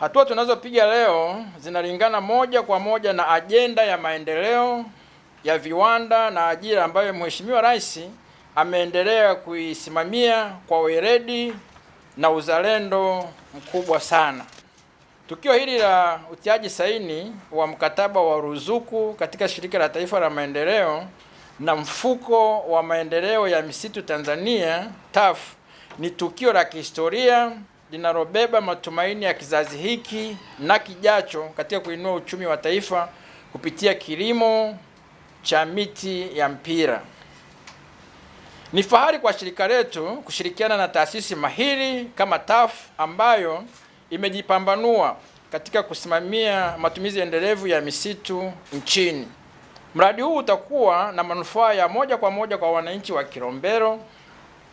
Hatua tunazopiga leo zinalingana moja kwa moja na ajenda ya maendeleo ya viwanda na ajira ambayo Mheshimiwa Rais ameendelea kuisimamia kwa weledi na uzalendo mkubwa sana. Tukio hili la utiaji saini wa mkataba wa ruzuku katika Shirika la Taifa la Maendeleo na Mfuko wa Maendeleo ya Misitu Tanzania TAF ni tukio la kihistoria linalobeba matumaini ya kizazi hiki na kijacho katika kuinua uchumi wa taifa kupitia kilimo cha miti ya mpira. Ni fahari kwa shirika letu kushirikiana na taasisi mahiri kama TAF ambayo imejipambanua katika kusimamia matumizi endelevu ya misitu nchini. Mradi huu utakuwa na manufaa ya moja kwa moja kwa wananchi wa Kilombero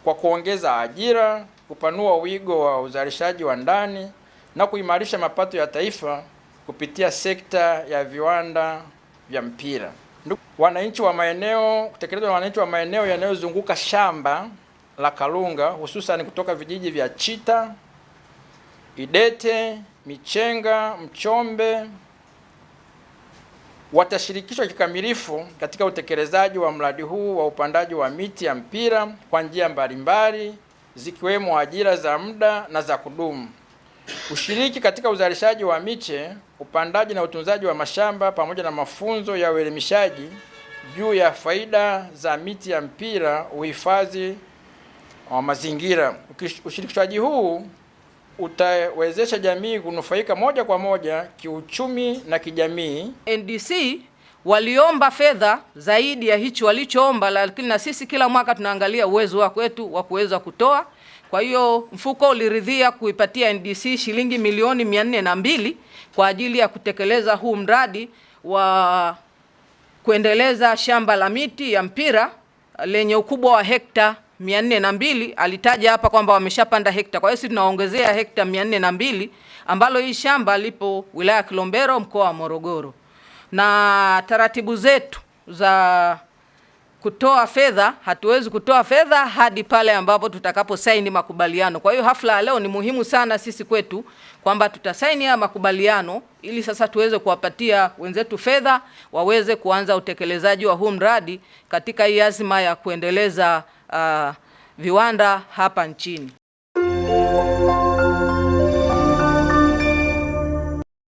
kwa kuongeza ajira kupanua wigo wa uzalishaji wa ndani na kuimarisha mapato ya taifa kupitia sekta ya viwanda vya mpira. Wananchi wa maeneo kutekelezwa na wananchi wa maeneo yanayozunguka shamba la Kalunga hususan kutoka vijiji vya Chita, Idete, Michenga, Mchombe watashirikishwa kikamilifu katika utekelezaji wa mradi huu wa upandaji wa miti ya mpira kwa njia mbalimbali zikiwemo ajira za muda na za kudumu, ushiriki katika uzalishaji wa miche, upandaji na utunzaji wa mashamba, pamoja na mafunzo ya uelimishaji juu ya faida za miti ya mpira, uhifadhi wa mazingira. Ushirikishwaji huu utawezesha jamii kunufaika moja kwa moja kiuchumi na kijamii. NDC waliomba fedha zaidi ya hicho walichoomba, lakini na sisi kila mwaka tunaangalia uwezo wako wetu wa kuweza kutoa. Kwa hiyo mfuko uliridhia kuipatia NDC shilingi milioni mia nne na mbili kwa ajili ya kutekeleza huu mradi wa kuendeleza shamba la miti ya mpira eh, lenye ukubwa wa hekta mia nne na mbili. Alitaja hapa kwamba wameshapanda hekta, kwa hiyo sisi tunaongezea hekta mia nne na mbili ambalo hii shamba lipo wilaya ya Kilombero mkoa wa Morogoro na taratibu zetu za kutoa fedha, hatuwezi kutoa fedha hadi pale ambapo tutakapo saini makubaliano. Kwa hiyo hafla ya leo ni muhimu sana sisi kwetu kwamba tutasaini haya makubaliano ili sasa tuweze kuwapatia wenzetu fedha waweze kuanza utekelezaji wa huu mradi katika hii azima ya kuendeleza uh, viwanda hapa nchini.